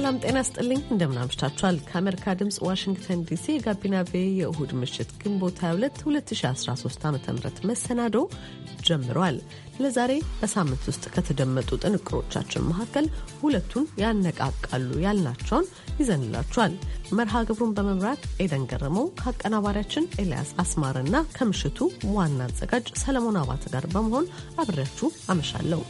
ሰላም ጤና ስጥልኝ። አምሽታችኋል? ከአሜሪካ ድምፅ ዋሽንግተን ዲሲ የጋቢና ቬ የእሁድ ምሽት ግንቦት 22 2013 ዓ ም መሰናዶ ጀምሯል። ለዛሬ በሳምንት ውስጥ ከተደመጡ ጥንቅሮቻችን መካከል ሁለቱን ያነቃቃሉ ያልናቸውን ይዘንላችኋል። መርሃ ግብሩን በመምራት ኤደን ገረመው ከአቀናባሪያችን ኤልያስ አስማርና ከምሽቱ ዋና አዘጋጅ ሰለሞን አባተ ጋር በመሆን አብሬያችሁ አመሻለሁ።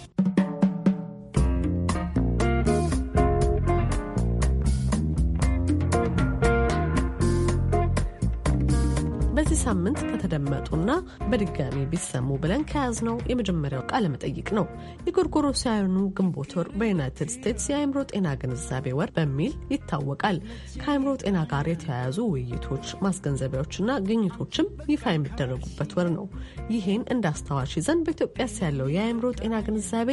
ሳምንት ከተደመጡና በድጋሚ ቢሰሙ ብለን ከያዝነው የመጀመሪያው ቃለ መጠይቅ ነው። የጎርጎሮሳውያኑ ግንቦት ወር በዩናይትድ ስቴትስ የአእምሮ ጤና ግንዛቤ ወር በሚል ይታወቃል። ከአእምሮ ጤና ጋር የተያያዙ ውይይቶች፣ ማስገንዘቢያዎችና ግኝቶችም ይፋ የሚደረጉበት ወር ነው። ይህን እንደ አስታዋሽ ይዘን በኢትዮጵያ ያለው የአእምሮ ጤና ግንዛቤ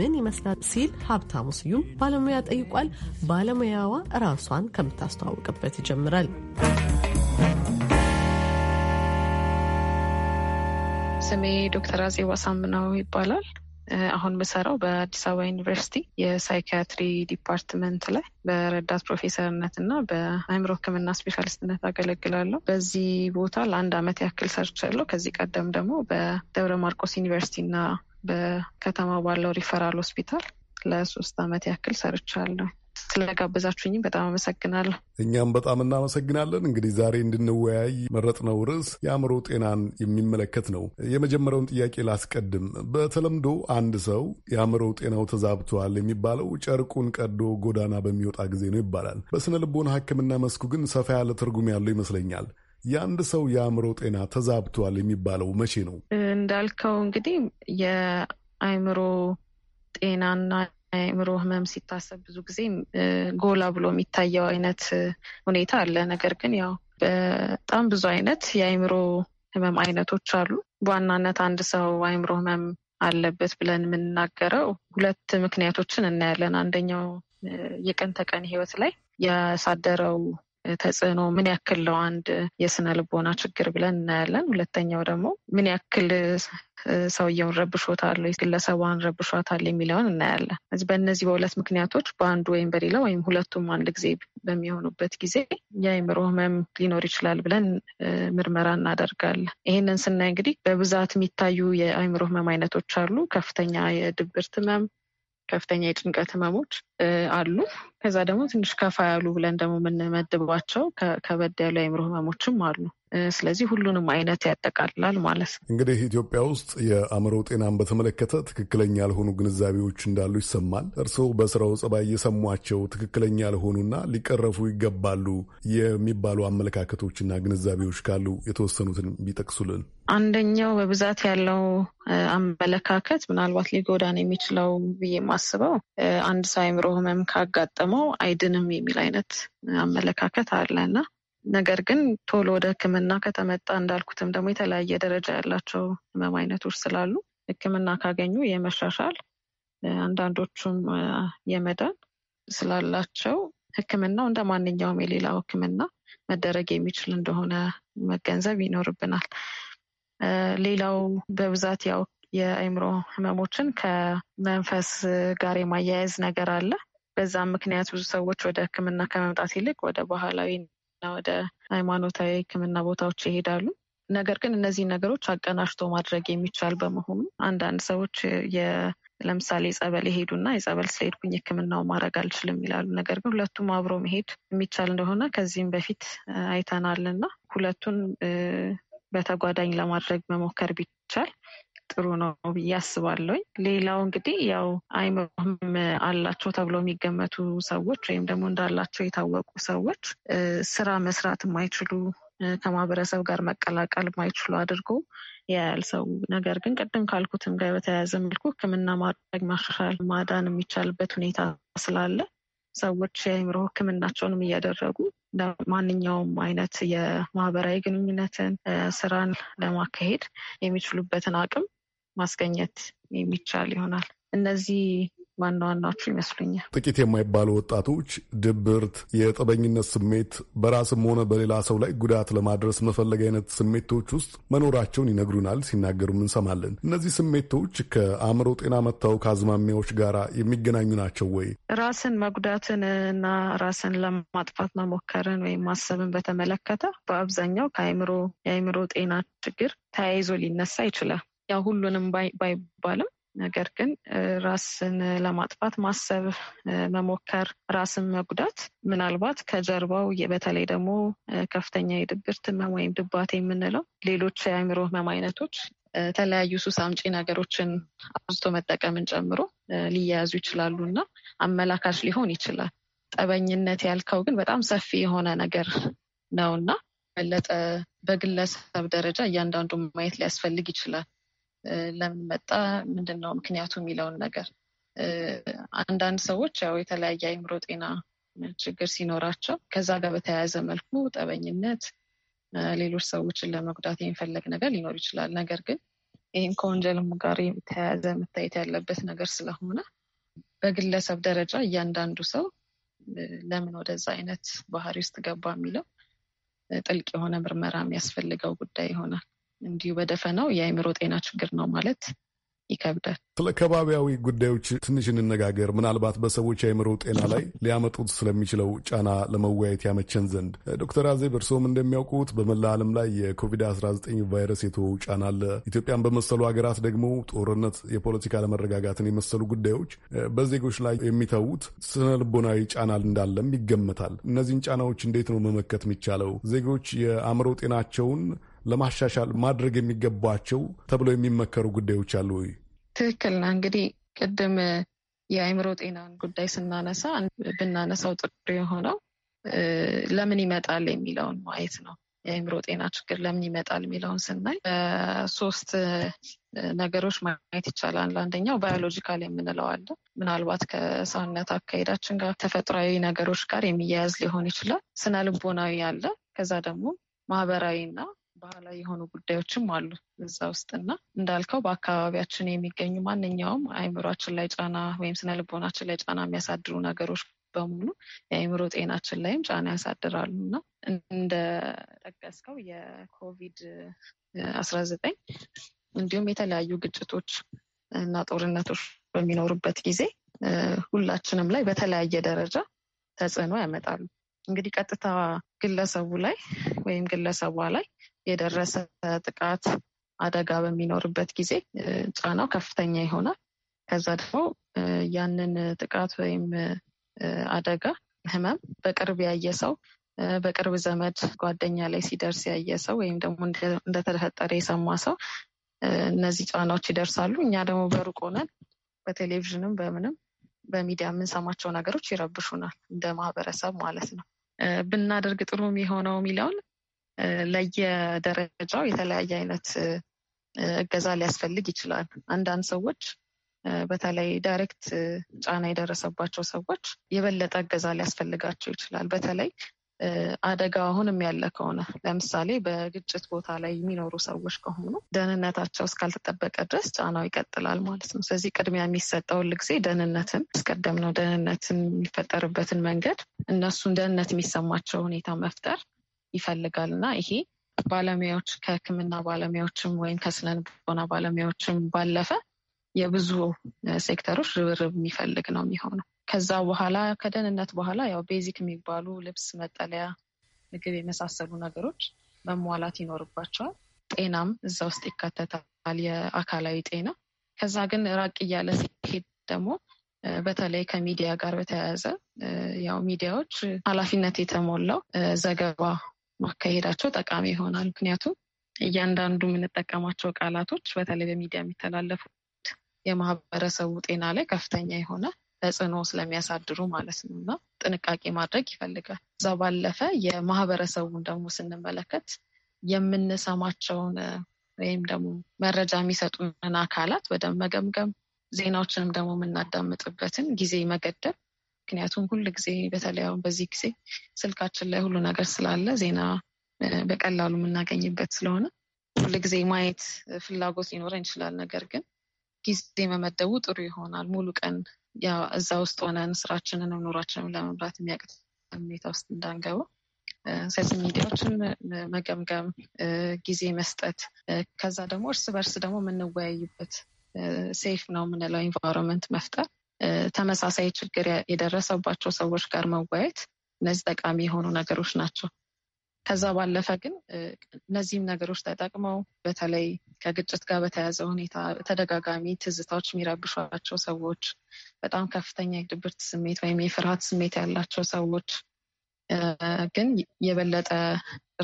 ምን ይመስላል ሲል ሀብታሙ ስዩም ባለሙያ ጠይቋል። ባለሙያዋ ራሷን ከምታስተዋውቅበት ይጀምራል። ስሜ ዶክተር አጼ ሳምናው ይባላል። አሁን የምሰራው በአዲስ አበባ ዩኒቨርሲቲ የሳይኪያትሪ ዲፓርትመንት ላይ በረዳት ፕሮፌሰርነት እና በአእምሮ ሕክምና ስፔሻሊስትነት አገለግላለሁ። በዚህ ቦታ ለአንድ ዓመት ያክል ሰርቻለሁ። ከዚህ ቀደም ደግሞ በደብረ ማርቆስ ዩኒቨርሲቲና በከተማው ባለው ሪፈራል ሆስፒታል ለሶስት ዓመት ያክል ሰርቻለሁ። ስለጋበዛችሁኝም በጣም አመሰግናለሁ። እኛም በጣም እናመሰግናለን። እንግዲህ ዛሬ እንድንወያይ መረጥነው ርዕስ የአእምሮ ጤናን የሚመለከት ነው። የመጀመሪያውን ጥያቄ ላስቀድም። በተለምዶ አንድ ሰው የአእምሮ ጤናው ተዛብቷል የሚባለው ጨርቁን ቀዶ ጎዳና በሚወጣ ጊዜ ነው ይባላል። በስነ ልቦና ሕክምና መስኩ ግን ሰፋ ያለ ትርጉም ያለው ይመስለኛል። የአንድ ሰው የአእምሮ ጤና ተዛብቷል የሚባለው መቼ ነው? እንዳልከው እንግዲህ የአእምሮ ጤናና የአእምሮ ህመም ሲታሰብ ብዙ ጊዜ ጎላ ብሎ የሚታየው አይነት ሁኔታ አለ። ነገር ግን ያው በጣም ብዙ አይነት የአእምሮ ህመም አይነቶች አሉ። በዋናነት አንድ ሰው አእምሮ ህመም አለበት ብለን የምንናገረው ሁለት ምክንያቶችን እናያለን። አንደኛው የቀን ተቀን ህይወት ላይ ያሳደረው ተጽዕኖ ምን ያክል ነው አንድ የስነ ልቦና ችግር ብለን እናያለን። ሁለተኛው ደግሞ ምን ያክል ሰውየውን ረብሾታል ግለሰቧን ረብሾታል የሚለውን እናያለን። እዚህ በእነዚህ በሁለት ምክንያቶች በአንዱ ወይም በሌላ ወይም ሁለቱም አንድ ጊዜ በሚሆኑበት ጊዜ የአይምሮ ህመም ሊኖር ይችላል ብለን ምርመራ እናደርጋለን። ይህንን ስናይ እንግዲህ በብዛት የሚታዩ የአእምሮ ህመም አይነቶች አሉ። ከፍተኛ የድብርት ህመም፣ ከፍተኛ የጭንቀት ህመሞች አሉ። ከዛ ደግሞ ትንሽ ከፋ ያሉ ብለን ደግሞ የምንመድባቸው ከበድ ያሉ የአእምሮ ህመሞችም አሉ። ስለዚህ ሁሉንም አይነት ያጠቃልላል ማለት ነው። እንግዲህ ኢትዮጵያ ውስጥ የአእምሮ ጤናን በተመለከተ ትክክለኛ ያልሆኑ ግንዛቤዎች እንዳሉ ይሰማል። እርስዎ በስራው ጸባይ እየሰሟቸው ትክክለኛ ያልሆኑና ሊቀረፉ ይገባሉ የሚባሉ አመለካከቶችና ግንዛቤዎች ካሉ የተወሰኑትን ቢጠቅሱልን። አንደኛው በብዛት ያለው አመለካከት ምናልባት ሊጎዳን የሚችለው ብዬ ማስበው አንድ ሰው አእምሮ ህመም ካጋጠመው አይድንም የሚል አይነት አመለካከት አለ እና ነገር ግን ቶሎ ወደ ህክምና ከተመጣ እንዳልኩትም ደግሞ የተለያየ ደረጃ ያላቸው ህመም አይነቶች ስላሉ ህክምና ካገኙ የመሻሻል አንዳንዶቹም የመዳን ስላላቸው ህክምናው እንደ ማንኛውም የሌላው ህክምና መደረግ የሚችል እንደሆነ መገንዘብ ይኖርብናል። ሌላው በብዛት ያው የአይምሮ ህመሞችን ከመንፈስ ጋር የማያያዝ ነገር አለ። በዛም ምክንያት ብዙ ሰዎች ወደ ህክምና ከመምጣት ይልቅ ወደ ባህላዊ ወደ ሃይማኖታዊ ሕክምና ቦታዎች ይሄዳሉ። ነገር ግን እነዚህ ነገሮች አቀናሽቶ ማድረግ የሚቻል በመሆኑ አንዳንድ ሰዎች ለምሳሌ ጸበል ይሄዱና የጸበል ስለሄድኩኝ ሕክምናው ማድረግ አልችልም ይላሉ። ነገር ግን ሁለቱም አብሮ መሄድ የሚቻል እንደሆነ ከዚህም በፊት አይተናል እና ሁለቱን በተጓዳኝ ለማድረግ መሞከር ቢቻል ጥሩ ነው ብዬ አስባለሁኝ። ሌላው እንግዲህ ያው አይምሮም አላቸው ተብሎ የሚገመቱ ሰዎች ወይም ደግሞ እንዳላቸው የታወቁ ሰዎች ስራ መስራት የማይችሉ ከማህበረሰብ ጋር መቀላቀል ማይችሉ አድርጎ ያያል ሰው። ነገር ግን ቅድም ካልኩትም ጋር በተያያዘ መልኩ ሕክምና ማድረግ ማሻሻል፣ ማዳን የሚቻልበት ሁኔታ ስላለ ሰዎች የአእምሮ ሕክምናቸውንም እያደረጉ ማንኛውም አይነት የማህበራዊ ግንኙነትን ስራን ለማካሄድ የሚችሉበትን አቅም ማስገኘት የሚቻል ይሆናል። እነዚህ ዋና ዋናዎቹ ይመስሉኛል። ጥቂት የማይባሉ ወጣቶች ድብርት፣ የጠበኝነት ስሜት፣ በራስም ሆነ በሌላ ሰው ላይ ጉዳት ለማድረስ መፈለግ አይነት ስሜቶች ውስጥ መኖራቸውን ይነግሩናል፣ ሲናገሩም እንሰማለን። እነዚህ ስሜቶች ከአእምሮ ጤና መታወክ አዝማሚያዎች ጋር የሚገናኙ ናቸው ወይ? ራስን መጉዳትን እና ራስን ለማጥፋት መሞከርን ወይም ማሰብን በተመለከተ በአብዛኛው ከአእምሮ የአእምሮ ጤና ችግር ተያይዞ ሊነሳ ይችላል። ያው ሁሉንም ባይባልም ነገር ግን ራስን ለማጥፋት ማሰብ፣ መሞከር፣ ራስን መጉዳት ምናልባት ከጀርባው በተለይ ደግሞ ከፍተኛ የድብርት ህመም ወይም ድባቴ የምንለው ሌሎች የአእምሮ ህመም አይነቶች የተለያዩ ሱስ አምጪ ነገሮችን አብዝቶ መጠቀምን ጨምሮ ሊያያዙ ይችላሉ እና አመላካች ሊሆን ይችላል። ጠበኝነት ያልከው ግን በጣም ሰፊ የሆነ ነገር ነው እና በለጠ በግለሰብ ደረጃ እያንዳንዱ ማየት ሊያስፈልግ ይችላል። ለምን መጣ፣ ምንድን ነው ምክንያቱ የሚለውን ነገር አንዳንድ ሰዎች ያው የተለያየ አይምሮ ጤና ችግር ሲኖራቸው ከዛ ጋር በተያያዘ መልኩ ጠበኝነት፣ ሌሎች ሰዎችን ለመጉዳት የሚፈለግ ነገር ሊኖር ይችላል። ነገር ግን ይህም ከወንጀልም ጋር የተያያዘ መታየት ያለበት ነገር ስለሆነ በግለሰብ ደረጃ እያንዳንዱ ሰው ለምን ወደዛ አይነት ባህሪ ውስጥ ገባ የሚለው ጥልቅ የሆነ ምርመራ የሚያስፈልገው ጉዳይ ይሆናል። እንዲሁ በደፈናው የአእምሮ ጤና ችግር ነው ማለት ይከብዳል። ስለ ከባቢያዊ ጉዳዮች ትንሽ እንነጋገር፣ ምናልባት በሰዎች የአእምሮ ጤና ላይ ሊያመጡት ስለሚችለው ጫና ለመወያየት ያመቸን ዘንድ። ዶክተር አዜብ እርስዎም እንደሚያውቁት በመላ ዓለም ላይ የኮቪድ-19 ቫይረስ የተወው ጫና አለ። ኢትዮጵያን በመሰሉ ሀገራት ደግሞ ጦርነት፣ የፖለቲካ አለመረጋጋትን የመሰሉ ጉዳዮች በዜጎች ላይ የሚተዉት ስነ ልቦናዊ ጫና እንዳለም ይገመታል። እነዚህን ጫናዎች እንዴት ነው መመከት የሚቻለው? ዜጎች የአእምሮ ጤናቸውን ለማሻሻል ማድረግ የሚገባቸው ተብለው የሚመከሩ ጉዳዮች አሉ ወይ? ትክክል ና እንግዲህ ቅድም የአእምሮ ጤናን ጉዳይ ስናነሳ ብናነሳው ጥሩ የሆነው ለምን ይመጣል የሚለውን ማየት ነው። የአእምሮ ጤና ችግር ለምን ይመጣል የሚለውን ስናይ ሶስት ነገሮች ማየት ይቻላል። አንደኛው ባዮሎጂካል የምንለው አለ። ምናልባት ከሰውነት አካሄዳችን ጋር ተፈጥሯዊ ነገሮች ጋር የሚያያዝ ሊሆን ይችላል። ስነ ልቦናዊ አለ። ከዛ ደግሞ ማህበራዊ እና ባህላዊ የሆኑ ጉዳዮችም አሉ እዛ ውስጥ እና እንዳልከው በአካባቢያችን የሚገኙ ማንኛውም አእምሯችን ላይ ጫና ወይም ስነ ልቦናችን ላይ ጫና የሚያሳድሩ ነገሮች በሙሉ የአእምሮ ጤናችን ላይም ጫና ያሳድራሉ እና እንደጠቀስከው የኮቪድ አስራ ዘጠኝ እንዲሁም የተለያዩ ግጭቶች እና ጦርነቶች በሚኖሩበት ጊዜ ሁላችንም ላይ በተለያየ ደረጃ ተጽዕኖ ያመጣሉ። እንግዲህ ቀጥታ ግለሰቡ ላይ ወይም ግለሰቧ ላይ የደረሰ ጥቃት አደጋ በሚኖርበት ጊዜ ጫናው ከፍተኛ ይሆናል። ከዛ ደግሞ ያንን ጥቃት ወይም አደጋ ህመም በቅርብ ያየ ሰው በቅርብ ዘመድ ጓደኛ ላይ ሲደርስ ያየ ሰው ወይም ደግሞ እንደተፈጠረ የሰማ ሰው እነዚህ ጫናዎች ይደርሳሉ። እኛ ደግሞ በሩቅ ሆነን በቴሌቪዥንም በምንም በሚዲያ የምንሰማቸው ነገሮች ይረብሹናል፣ እንደ ማህበረሰብ ማለት ነው። ብናደርግ ጥሩ የሆነው የሚለውን ለየደረጃው የተለያየ አይነት እገዛ ሊያስፈልግ ይችላል። አንዳንድ ሰዎች በተለይ ዳይሬክት ጫና የደረሰባቸው ሰዎች የበለጠ እገዛ ሊያስፈልጋቸው ይችላል። በተለይ አደጋ አሁንም ያለ ከሆነ ለምሳሌ በግጭት ቦታ ላይ የሚኖሩ ሰዎች ከሆኑ ደህንነታቸው እስካልተጠበቀ ድረስ ጫናው ይቀጥላል ማለት ነው። ስለዚህ ቅድሚያ የሚሰጠው ሁልጊዜ ደህንነትን አስቀደም ነው። ደህንነትን የሚፈጠርበትን መንገድ እነሱን ደህንነት የሚሰማቸው ሁኔታ መፍጠር ይፈልጋል እና ይሄ ባለሙያዎች ከሕክምና ባለሙያዎችም ወይም ከስነ ልቦና ባለሙያዎችም ባለፈ የብዙ ሴክተሮች ርብርብ የሚፈልግ ነው የሚሆነው። ከዛ በኋላ ከደህንነት በኋላ ያው ቤዚክ የሚባሉ ልብስ፣ መጠለያ፣ ምግብ የመሳሰሉ ነገሮች መሟላት ይኖርባቸዋል። ጤናም እዛ ውስጥ ይካተታል፣ የአካላዊ ጤና። ከዛ ግን ራቅ እያለ ሲሄድ ደግሞ በተለይ ከሚዲያ ጋር በተያያዘ ያው ሚዲያዎች ኃላፊነት የተሞላው ዘገባ ማካሄዳቸው ጠቃሚ ይሆናል። ምክንያቱም እያንዳንዱ የምንጠቀማቸው ቃላቶች በተለይ በሚዲያ የሚተላለፉት የማህበረሰቡ ጤና ላይ ከፍተኛ የሆነ ተጽዕኖ ስለሚያሳድሩ ማለት ነው እና ጥንቃቄ ማድረግ ይፈልጋል። እዛ ባለፈ የማህበረሰቡን ደግሞ ስንመለከት የምንሰማቸውን ወይም ደግሞ መረጃ የሚሰጡንን አካላት ወደ መገምገም፣ ዜናዎችንም ደግሞ የምናዳምጥበትን ጊዜ መገደብ ምክንያቱም ሁል ጊዜ በተለይ በዚህ ጊዜ ስልካችን ላይ ሁሉ ነገር ስላለ ዜና በቀላሉ የምናገኝበት ስለሆነ ሁል ጊዜ ማየት ፍላጎት ሊኖረን ይችላል። ነገር ግን ጊዜ መመደቡ ጥሩ ይሆናል። ሙሉ ቀን ያ እዛ ውስጥ ሆነን ስራችንን ኑሯችንን ለመምራት የሚያቅት ሁኔታ ውስጥ እንዳንገቡ ስለዚህ ሚዲያዎችን መገምገም፣ ጊዜ መስጠት፣ ከዛ ደግሞ እርስ በርስ ደግሞ የምንወያይበት ሴፍ ነው የምንለው ኢንቫይሮንመንት መፍጠር፣ ተመሳሳይ ችግር የደረሰባቸው ሰዎች ጋር መወያየት፣ እነዚህ ጠቃሚ የሆኑ ነገሮች ናቸው። ከዛ ባለፈ ግን እነዚህም ነገሮች ተጠቅመው በተለይ ከግጭት ጋር በተያያዘ ሁኔታ ተደጋጋሚ ትዝታዎች የሚረብሿቸው ሰዎች፣ በጣም ከፍተኛ የድብርት ስሜት ወይም የፍርሃት ስሜት ያላቸው ሰዎች ግን የበለጠ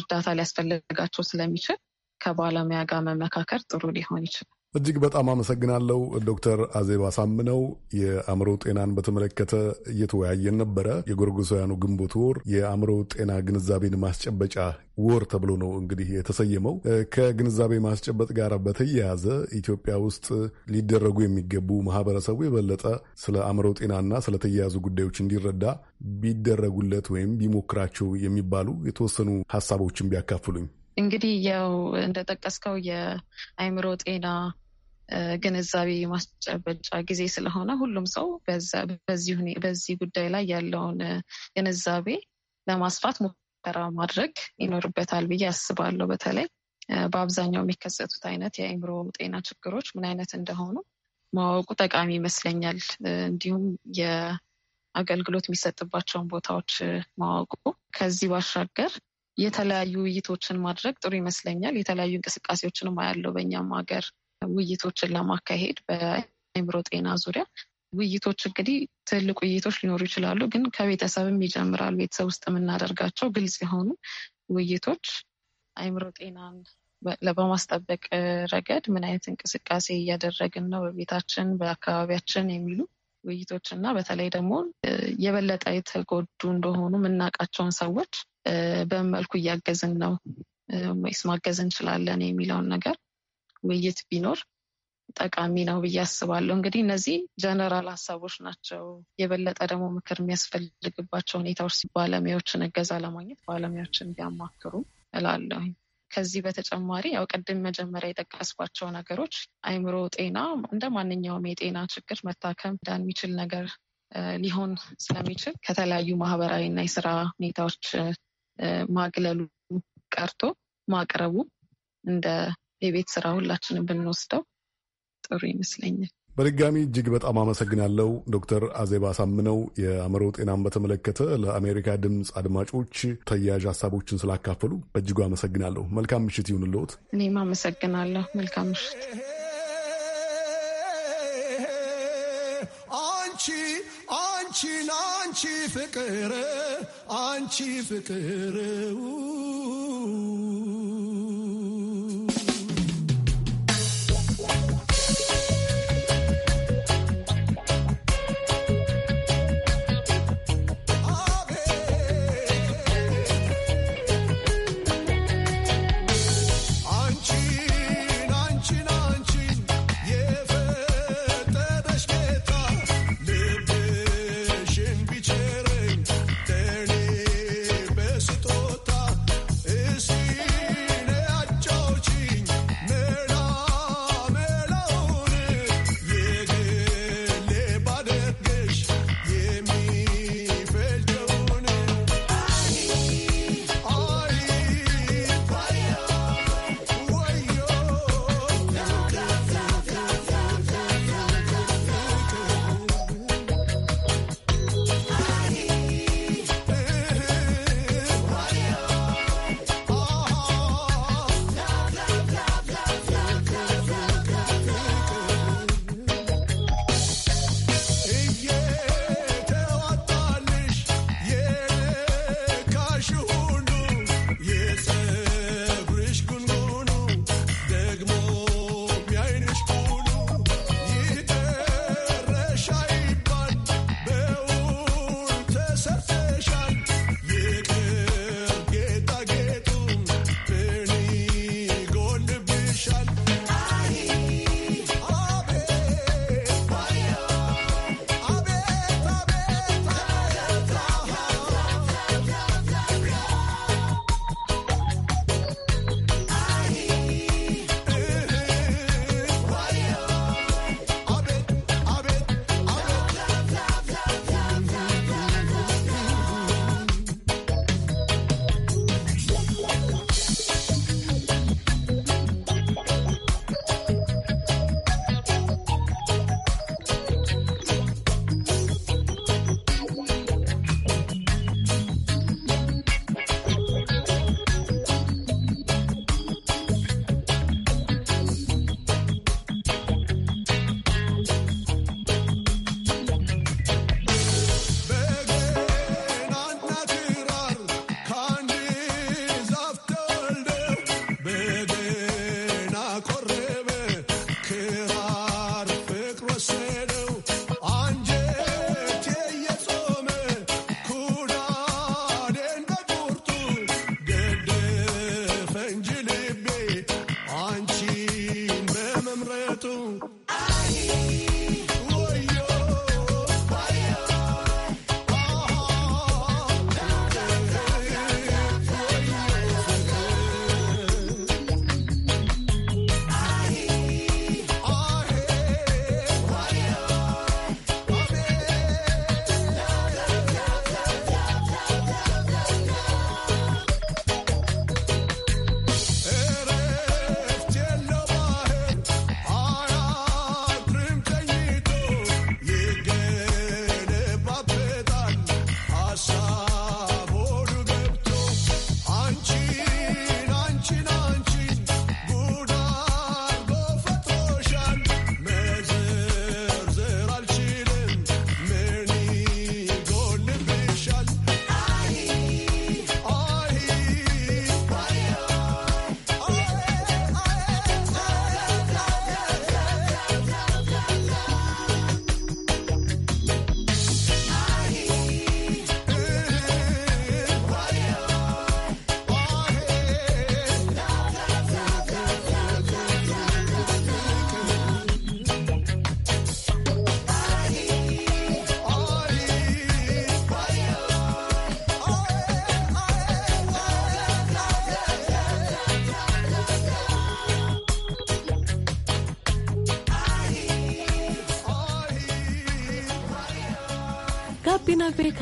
እርዳታ ሊያስፈልጋቸው ስለሚችል ከባለሙያ ጋር መመካከር ጥሩ ሊሆን ይችላል። እጅግ በጣም አመሰግናለሁ ዶክተር አዜብ አሳምነው። የአእምሮ ጤናን በተመለከተ እየተወያየን ነበረ። የጎርጎሳውያኑ ግንቦት ወር የአእምሮ ጤና ግንዛቤን ማስጨበጫ ወር ተብሎ ነው እንግዲህ የተሰየመው። ከግንዛቤ ማስጨበጥ ጋር በተያያዘ ኢትዮጵያ ውስጥ ሊደረጉ የሚገቡ ማህበረሰቡ የበለጠ ስለ አእምሮ ጤናና ስለተያያዙ ጉዳዮች እንዲረዳ ቢደረጉለት ወይም ቢሞክራቸው የሚባሉ የተወሰኑ ሀሳቦችን ቢያካፍሉኝ። እንግዲህ ያው እንደጠቀስከው የአእምሮ ጤና ግንዛቤ ማስጨበጫ ጊዜ ስለሆነ ሁሉም ሰው በዚህ ጉዳይ ላይ ያለውን ግንዛቤ ለማስፋት ሙከራ ማድረግ ይኖርበታል ብዬ አስባለሁ። በተለይ በአብዛኛው የሚከሰቱት አይነት የአእምሮ ጤና ችግሮች ምን አይነት እንደሆኑ ማወቁ ጠቃሚ ይመስለኛል። እንዲሁም የአገልግሎት የሚሰጥባቸውን ቦታዎች ማወቁ። ከዚህ ባሻገር የተለያዩ ውይይቶችን ማድረግ ጥሩ ይመስለኛል። የተለያዩ እንቅስቃሴዎችንም አያለው በእኛም ሀገር ውይይቶችን ለማካሄድ በአይምሮ ጤና ዙሪያ ውይይቶች እንግዲህ ትልቅ ውይይቶች ሊኖሩ ይችላሉ፣ ግን ከቤተሰብም ይጀምራል። ቤተሰብ ውስጥ የምናደርጋቸው ግልጽ የሆኑ ውይይቶች አእምሮ ጤናን በማስጠበቅ ረገድ ምን አይነት እንቅስቃሴ እያደረግን ነው በቤታችን፣ በአካባቢያችን የሚሉ ውይይቶች እና በተለይ ደግሞ የበለጠ የተጎዱ እንደሆኑ የምናውቃቸውን ሰዎች በምን መልኩ እያገዝን ነው ወይስ ማገዝ እንችላለን የሚለውን ነገር ውይይት ቢኖር ጠቃሚ ነው ብዬ አስባለሁ። እንግዲህ እነዚህ ጀነራል ሀሳቦች ናቸው። የበለጠ ደግሞ ምክር የሚያስፈልግባቸው ሁኔታዎች ባለሙያዎችን እገዛ ለማግኘት ባለሙያዎችን ቢያማክሩ እላለሁ። ከዚህ በተጨማሪ ያው ቅድም መጀመሪያ የጠቀስባቸው ነገሮች አይምሮ ጤና እንደ ማንኛውም የጤና ችግር መታከም ዳን የሚችል ነገር ሊሆን ስለሚችል ከተለያዩ ማህበራዊ እና የስራ ሁኔታዎች ማግለሉ ቀርቶ ማቅረቡ እንደ የቤት ስራ ሁላችንም ብንወስደው ጥሩ ይመስለኛል። በድጋሚ እጅግ በጣም አመሰግናለሁ ዶክተር አዜብ አሳምነው የአእምሮ ጤናን በተመለከተ ለአሜሪካ ድምፅ አድማጮች ተያያዥ ሀሳቦችን ስላካፈሉ በእጅጉ አመሰግናለሁ። መልካም ምሽት ይሁንልዎት። እኔም አመሰግናለሁ። መልካም ምሽት። አንቺ አንቺን አንቺ ፍቅር አንቺ ፍቅር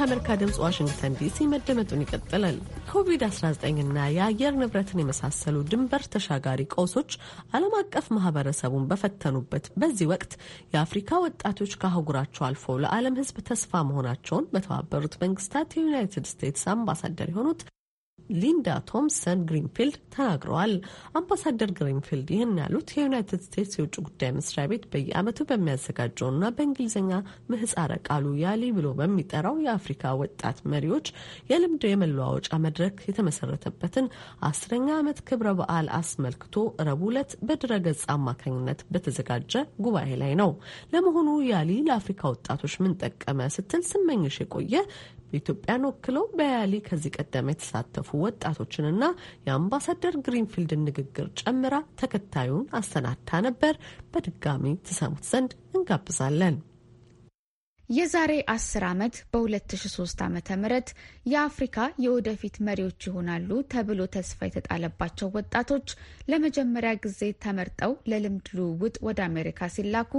ከአሜሪካ ድምፅ ዋሽንግተን ዲሲ መደመጡን ይቀጥላል። ኮቪድ-19ና የአየር ንብረትን የመሳሰሉ ድንበር ተሻጋሪ ቀውሶች ዓለም አቀፍ ማህበረሰቡን በፈተኑበት በዚህ ወቅት የአፍሪካ ወጣቶች ከአህጉራቸው አልፈው ለዓለም ሕዝብ ተስፋ መሆናቸውን በተባበሩት መንግስታት የዩናይትድ ስቴትስ አምባሳደር የሆኑት ሊንዳ ቶምሰን ግሪንፊልድ ተናግረዋል። አምባሳደር ግሪንፊልድ ይህን ያሉት የዩናይትድ ስቴትስ የውጭ ጉዳይ መስሪያ ቤት በየዓመቱ በሚያዘጋጀውና በእንግሊዝኛ ምህጻረ ቃሉ ያሊ ብሎ በሚጠራው የአፍሪካ ወጣት መሪዎች የልምድ የመለዋወጫ መድረክ የተመሰረተበትን አስረኛ ዓመት ክብረ በዓል አስመልክቶ ረቡዕ ዕለት በድረገጽ አማካኝነት በተዘጋጀ ጉባኤ ላይ ነው። ለመሆኑ ያሊ ለአፍሪካ ወጣቶች ምን ጠቀመ ስትል ስመኝሽ የቆየ ኢትዮጵያን ወክለው በያሊ ከዚህ ቀደም የተሳተፉ ወጣቶችንና የአምባሳደር ግሪንፊልድን ንግግር ጨምራ ተከታዩን አሰናድታ ነበር። በድጋሚ ትሰሙት ዘንድ እንጋብዛለን። የዛሬ 10 ዓመት በ2003 ዓ ም የአፍሪካ የወደፊት መሪዎች ይሆናሉ ተብሎ ተስፋ የተጣለባቸው ወጣቶች ለመጀመሪያ ጊዜ ተመርጠው ለልምድ ልውውጥ ወደ አሜሪካ ሲላኩ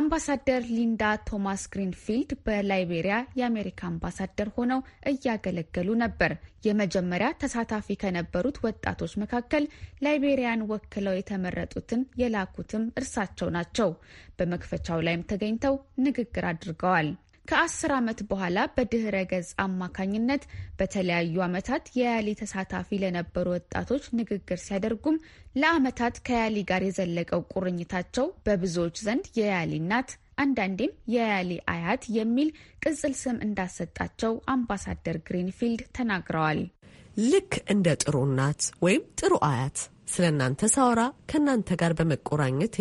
አምባሳደር ሊንዳ ቶማስ ግሪንፊልድ በላይቤሪያ የአሜሪካ አምባሳደር ሆነው እያገለገሉ ነበር። የመጀመሪያ ተሳታፊ ከነበሩት ወጣቶች መካከል ላይቤሪያን ወክለው የተመረጡትን የላኩትም እርሳቸው ናቸው። በመክፈቻው ላይም ተገኝተው ንግግር አድርገዋል። ከአስር ዓመት በኋላ በድህረ ገጽ አማካኝነት በተለያዩ ዓመታት የያሊ ተሳታፊ ለነበሩ ወጣቶች ንግግር ሲያደርጉም ለዓመታት ከያሊ ጋር የዘለቀው ቁርኝታቸው በብዙዎች ዘንድ የያሊ እናት አንዳንዴም የያሊ አያት የሚል ቅጽል ስም እንዳሰጣቸው አምባሳደር ግሪንፊልድ ተናግረዋል። ልክ እንደ ጥሩ እናት ወይም ጥሩ አያት ስለ እናንተ ሳወራ ከእናንተ ጋር በመቆራኘቴ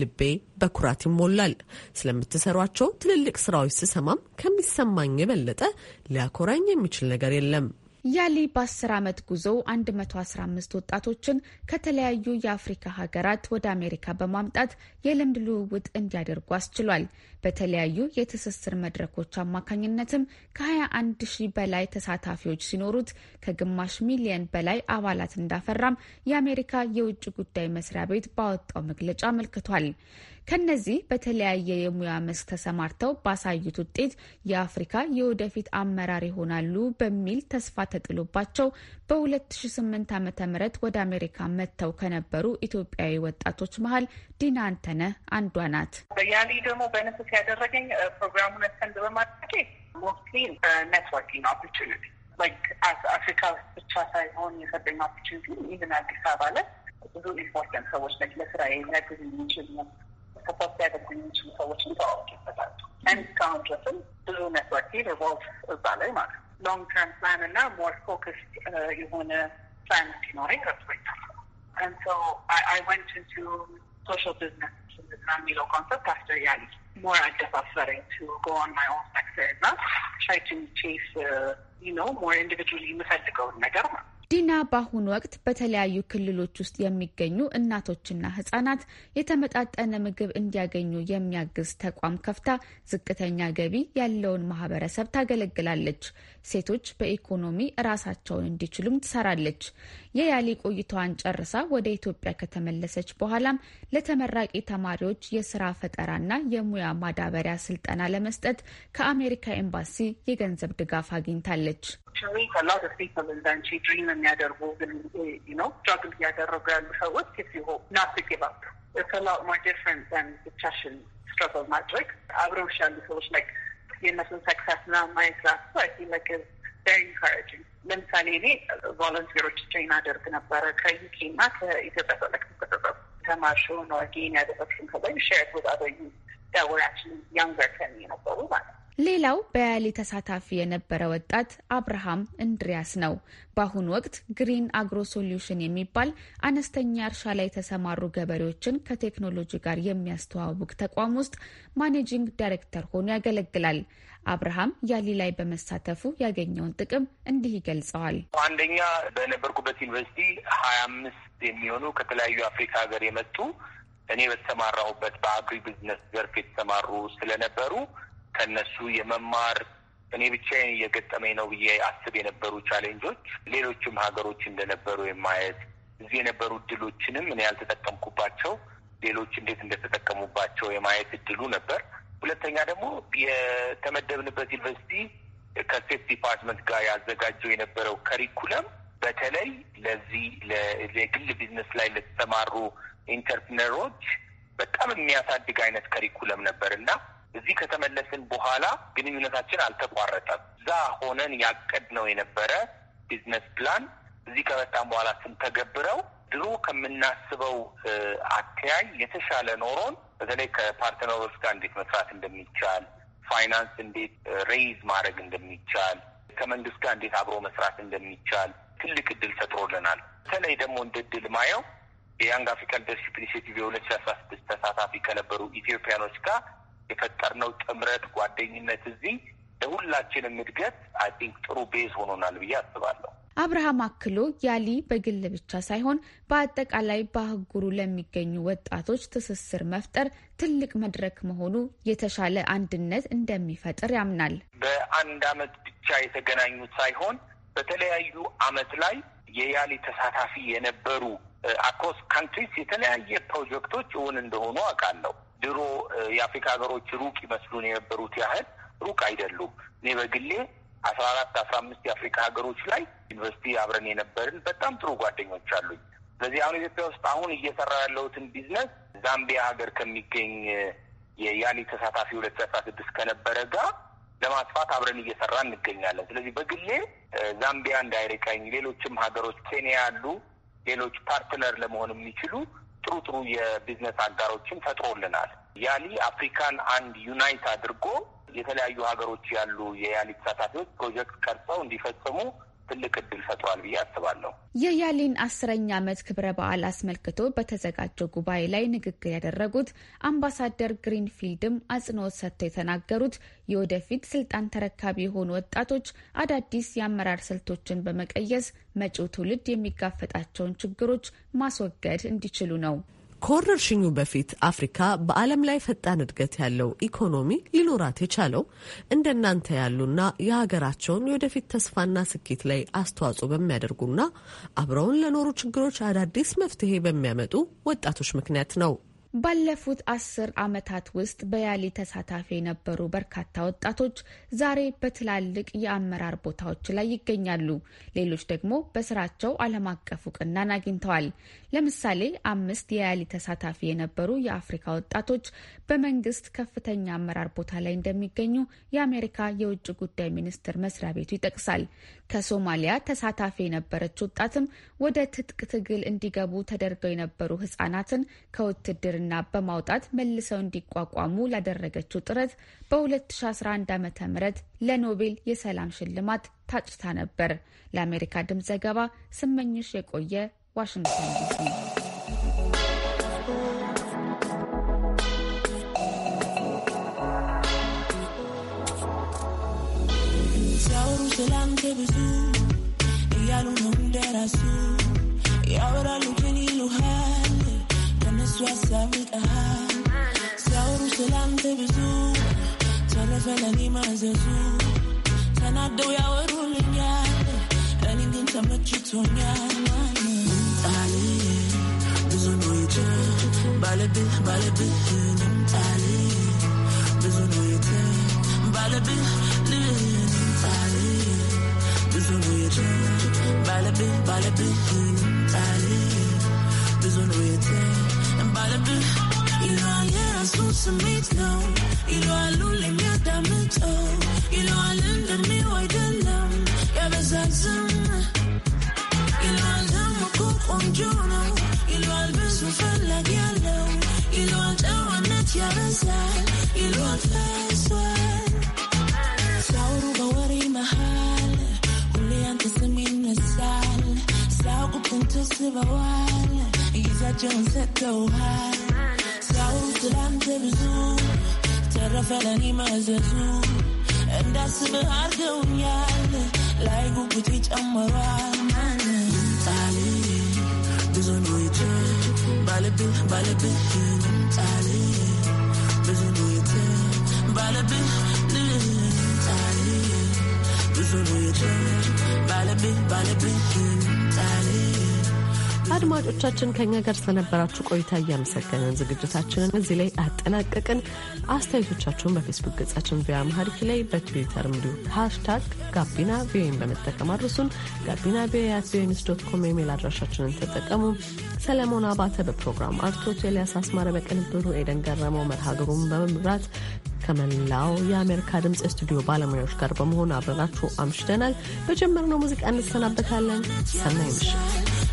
ልቤ በኩራት ይሞላል። ስለምትሰሯቸው ትልልቅ ስራዎች ስሰማም ከሚሰማኝ የበለጠ ሊያኮራኝ የሚችል ነገር የለም። ያሊ በ10 ዓመት ጉዞ 115 ወጣቶችን ከተለያዩ የአፍሪካ ሀገራት ወደ አሜሪካ በማምጣት የልምድ ልውውጥ እንዲያደርጉ አስችሏል። በተለያዩ የትስስር መድረኮች አማካኝነትም ከ21 ሺህ በላይ ተሳታፊዎች ሲኖሩት ከግማሽ ሚሊየን በላይ አባላት እንዳፈራም የአሜሪካ የውጭ ጉዳይ መስሪያ ቤት ባወጣው መግለጫ አመልክቷል። ከነዚህ በተለያየ የሙያ መስክ ተሰማርተው ባሳዩት ውጤት የአፍሪካ የወደፊት አመራር ይሆናሉ በሚል ተስፋ ተጥሎባቸው በ2008 ዓ ም ወደ አሜሪካ መጥተው ከነበሩ ኢትዮጵያዊ ወጣቶች መሀል ዲና አንተነህ አንዷ ናት። ያኔ ደግሞ በንስስ ያደረገኝ ፕሮግራሙን ሰንድ በማድረጌ ሞስትሊ ኔትወርኪንግ ኦፖርቹኒቲ አፍሪካ ውስጥ ብቻ ሳይሆን የሰጠኝ ኦፖርቹኒቲ ይህን አዲስ አበባ ላይ ብዙ ኢምፖርተንት ሰዎች ለስራ የሚያግዙ የሚችል ነው ሰፖርት ሊያደርጉ የሚችሉ ሰዎችን ተዋወቅበታል። እስካሁን ድረስም ብዙ ኔትወርክ ሪቮልቭ እዛ ላይ ማለት ነው። ሎንግ ተርም ፕላን እና ሞር ፎክስድ የሆነ ፕላን እንዲኖረኝ ረድቶኛል። አይ ወንት ኢንቱ ሶሻል ቢዝነስ የሚለው ኮንሰፕት አስደያሊ ሞር አደፋፈረኝ ቱ ጎ ኦን ማይ ኦን ሰክሰስ እና ትራይ ቱ ቼስ ዩ ኖ ሞር ኢንዲቪጁዋሊ የምፈልገውን ነገር ማለት ነው ዲና በአሁኑ ወቅት በተለያዩ ክልሎች ውስጥ የሚገኙ እናቶችና ህጻናት የተመጣጠነ ምግብ እንዲያገኙ የሚያግዝ ተቋም ከፍታ ዝቅተኛ ገቢ ያለውን ማህበረሰብ ታገለግላለች። ሴቶች በኢኮኖሚ ራሳቸውን እንዲችሉም ትሰራለች። የያሌ ቆይታዋን ጨርሳ ወደ ኢትዮጵያ ከተመለሰች በኋላም ለተመራቂ ተማሪዎች የስራ ፈጠራና የሙያ ማዳበሪያ ስልጠና ለመስጠት ከአሜሪካ ኤምባሲ የገንዘብ ድጋፍ አግኝታለች። ድሪም የሚያደርጉ ነው ጃግል እያደረጉ ያሉ ሰዎች ሲሆ ብቻሽን ስትረግል ማድረግ አብረውሽ ያሉ ሰዎች ላይ የእነሱን ሰክሰስ ና ማየት ራሱ አይ ላይክ ኢንካሬጂንግ። ለምሳሌ እኔ ቮለንቲሮች uh, ትሬን አደርግ ነበረ ከዩኬ እና ከኢትዮጵያ ተለክ ከተጠሩ ተማርሽው ነው ጌን ያደረግሽን ከዛ ሸርት ወደ አበዩ ዳወራችን ያንገር ከኔ ነበሩ ማለት ሌላው በያሌ ተሳታፊ የነበረ ወጣት አብርሃም እንድሪያስ ነው። በአሁኑ ወቅት ግሪን አግሮ ሶሉሽን የሚባል አነስተኛ እርሻ ላይ የተሰማሩ ገበሬዎችን ከቴክኖሎጂ ጋር የሚያስተዋውቅ ተቋም ውስጥ ማኔጂንግ ዳይሬክተር ሆኖ ያገለግላል። አብርሃም ያሊ ላይ በመሳተፉ ያገኘውን ጥቅም እንዲህ ይገልጸዋል። አንደኛ በነበርኩበት ዩኒቨርሲቲ ሀያ አምስት የሚሆኑ ከተለያዩ አፍሪካ ሀገር የመጡ እኔ በተሰማራሁበት በአግሪ ቢዝነስ ዘርፍ የተሰማሩ ስለነበሩ ከነሱ የመማር እኔ ብቻዬን እየገጠመኝ ነው ብዬ አስብ የነበሩ ቻሌንጆች ሌሎችም ሀገሮች እንደነበሩ የማየት እዚህ የነበሩ እድሎችንም እኔ ያልተጠቀምኩባቸው ሌሎች እንዴት እንደተጠቀሙባቸው የማየት እድሉ ነበር። ሁለተኛ ደግሞ የተመደብንበት ዩኒቨርሲቲ ከስቴት ዲፓርትመንት ጋር ያዘጋጀው የነበረው ከሪኩለም በተለይ ለዚህ የግል ቢዝነስ ላይ ለተሰማሩ ኢንተርፕነሮች በጣም የሚያሳድግ አይነት ከሪኩለም ነበር እና እዚህ ከተመለስን በኋላ ግንኙነታችን አልተቋረጠም። እዛ ሆነን ያቀድ ነው የነበረ ቢዝነስ ፕላን እዚህ ከመጣን በኋላ ስንተገብረው ድሮ ከምናስበው አተያይ የተሻለ ኖሮን በተለይ ከፓርትነሮች ጋር እንዴት መስራት እንደሚቻል፣ ፋይናንስ እንዴት ሬይዝ ማድረግ እንደሚቻል፣ ከመንግስት ጋር እንዴት አብሮ መስራት እንደሚቻል ትልቅ እድል ፈጥሮልናል። በተለይ ደግሞ እንደ እድል ማየው የያንግ አፍሪካን ሊደርሺፕ ኢኒሽቲቭ የሁለት ሺ አስራ ስድስት ተሳታፊ ከነበሩ ኢትዮጵያኖች ጋር የፈጠርነው ጥምረት ጓደኝነት እዚህ ለሁላችንም እድገት አይ ቲንክ ጥሩ ቤዝ ሆኖናል ብዬ አስባለሁ። አብርሃም አክሎ ያሊ በግል ብቻ ሳይሆን በአጠቃላይ በአህጉሩ ለሚገኙ ወጣቶች ትስስር መፍጠር ትልቅ መድረክ መሆኑ የተሻለ አንድነት እንደሚፈጥር ያምናል። በአንድ ዓመት ብቻ የተገናኙት ሳይሆን በተለያዩ ዓመት ላይ የያሊ ተሳታፊ የነበሩ አክሮስ ካንትሪስ የተለያየ ፕሮጀክቶች እውን እንደሆኑ አውቃለሁ። ድሮ የአፍሪካ ሀገሮች ሩቅ ይመስሉን የነበሩት ያህል ሩቅ አይደሉም። እኔ በግሌ አስራ አራት አስራ አምስት የአፍሪካ ሀገሮች ላይ ዩኒቨርሲቲ አብረን የነበርን በጣም ጥሩ ጓደኞች አሉኝ። ስለዚህ አሁን ኢትዮጵያ ውስጥ አሁን እየሰራ ያለሁትን ቢዝነስ ዛምቢያ ሀገር ከሚገኝ የያሊ ተሳታፊ ሁለት ሺህ አስራ ስድስት ከነበረ ጋር ለማስፋት አብረን እየሰራ እንገኛለን። ስለዚህ በግሌ ዛምቢያ እንዳይርቀኝ፣ ሌሎችም ሀገሮች ኬንያ ያሉ ሌሎች ፓርትነር ለመሆን የሚችሉ ጥሩ ጥሩ የቢዝነስ አጋሮችን ፈጥሮልናል። ያሊ አፍሪካን አንድ ዩናይት አድርጎ የተለያዩ ሀገሮች ያሉ የያሊ ተሳታፊዎች ፕሮጀክት ቀርጸው እንዲፈጽሙ ትልቅ እድል ፈጥሯል ብዬ አስባለሁ። የያሊን አስረኛ ዓመት ክብረ በዓል አስመልክቶ በተዘጋጀው ጉባኤ ላይ ንግግር ያደረጉት አምባሳደር ግሪንፊልድም አጽንኦት ሰጥተው የተናገሩት የወደፊት ስልጣን ተረካቢ የሆኑ ወጣቶች አዳዲስ የአመራር ስልቶችን በመቀየስ መጪው ትውልድ የሚጋፈጣቸውን ችግሮች ማስወገድ እንዲችሉ ነው። ከወረርሽኙ በፊት አፍሪካ በዓለም ላይ ፈጣን እድገት ያለው ኢኮኖሚ ሊኖራት የቻለው እንደናንተ ያሉና የሀገራቸውን የወደፊት ተስፋና ስኬት ላይ አስተዋጽኦ በሚያደርጉና አብረውን ለኖሩ ችግሮች አዳዲስ መፍትሄ በሚያመጡ ወጣቶች ምክንያት ነው። ባለፉት አስር ዓመታት ውስጥ በያሊ ተሳታፊ የነበሩ በርካታ ወጣቶች ዛሬ በትላልቅ የአመራር ቦታዎች ላይ ይገኛሉ። ሌሎች ደግሞ በስራቸው ዓለም አቀፍ እውቅናን አግኝተዋል። ለምሳሌ አምስት የያሊ ተሳታፊ የነበሩ የአፍሪካ ወጣቶች በመንግስት ከፍተኛ አመራር ቦታ ላይ እንደሚገኙ የአሜሪካ የውጭ ጉዳይ ሚኒስቴር መስሪያ ቤቱ ይጠቅሳል። ከሶማሊያ ተሳታፊ የነበረች ወጣትም ወደ ትጥቅ ትግል እንዲገቡ ተደርገው የነበሩ ህጻናትን ከውትድር ውትድርና በማውጣት መልሰው እንዲቋቋሙ ላደረገችው ጥረት በ2011 ም ለኖቤል የሰላም ሽልማት ታጭታ ነበር። ለአሜሪካ ድምፅ ዘገባ ስመኝሽ የቆየ ዋሽንግተን ዲሲ። ሲያወሩ ብዙ እያሉ ነው እንደራሱ ያወራሉ ብዙ ሀሳብ ይቀሃል ሲያወሩ ስላንተ ብዙ ተለፈለኔ ማዘዙ ተናደው ያወሩልኛል እኔ ግን ተመችቶኛል። ንምጣል ብዙ ኖይቸ ባለብህ ባለብህ ንምጣል ብዙ ኖይተ ባለብህ ንምጣል ብዙ ኖይቸ ባለብህ ባለብህ ንምጣል ብዙ ኖይተ አለብህ ስሜት ነው ይለዋሉ የሚያዳምጠው ይለዋል እንደሚው አይደለም ያበዛዝም ይለዋል ቆንጆ ነው ይለዋል ብዙ ፈላጊ ያበዛል ይለዋል በወሬ መሃል ሁሌ አንተ ስም ጊዜያቸውን ሰጥተውሃል ሳሁን ስላንተ ብዙ ተረፈ ለኔ መዘዙ እንዳስብ አርገውኛል ላይ ጉጉቴ ጨመሯል ይምጣል ብዙ ኖይት ባለብህ ባለብህ ይምጣል ብዙ ኖይት ባለብህ ይምጣል ብዙ ኖይት ባለብህ ባለብህ ይምጣል አድማጮቻችን ከኛ ጋር ስለነበራችሁ ቆይታ እያመሰገነን ዝግጅታችንን እዚህ ላይ አጠናቀቅን። አስተያየቶቻችሁን በፌስቡክ ገጻችን ቪኦኤ አምሃሪክ ላይ በትዊተር እንዲሁ ሃሽታግ ጋቢና ቪኦኤን በመጠቀም አድርሱን። ጋቢና ቪኦኤ አት ቪኦኤ ኒውስ ዶት ኮም ኢሜል አድራሻችንን ተጠቀሙ። ሰለሞን አባተ በፕሮግራም አርቶት፣ ኤልያስ አስማረ በቅንብሩ፣ ኤደን ገረመው መርሃ ግብሩን በመምራት ከመላው የአሜሪካ ድምፅ የስቱዲዮ ባለሙያዎች ጋር በመሆን አብረናችሁ አምሽተናል። በጀመርነው ሙዚቃ እንሰናበታለን። ሰናይ ምሽት።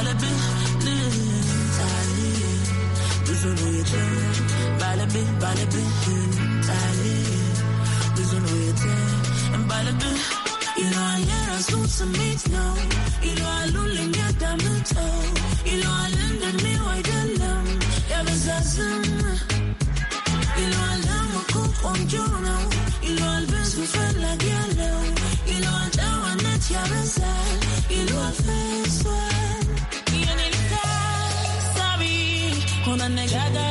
ባለብህ ልጣል ብዙ ነው ስሜት ነው ይለዋል ሁሌም ያዳምጠው አይደለም ያበዛዝም ይለዋል ነው ይለዋል ብዙ ፈላጊ me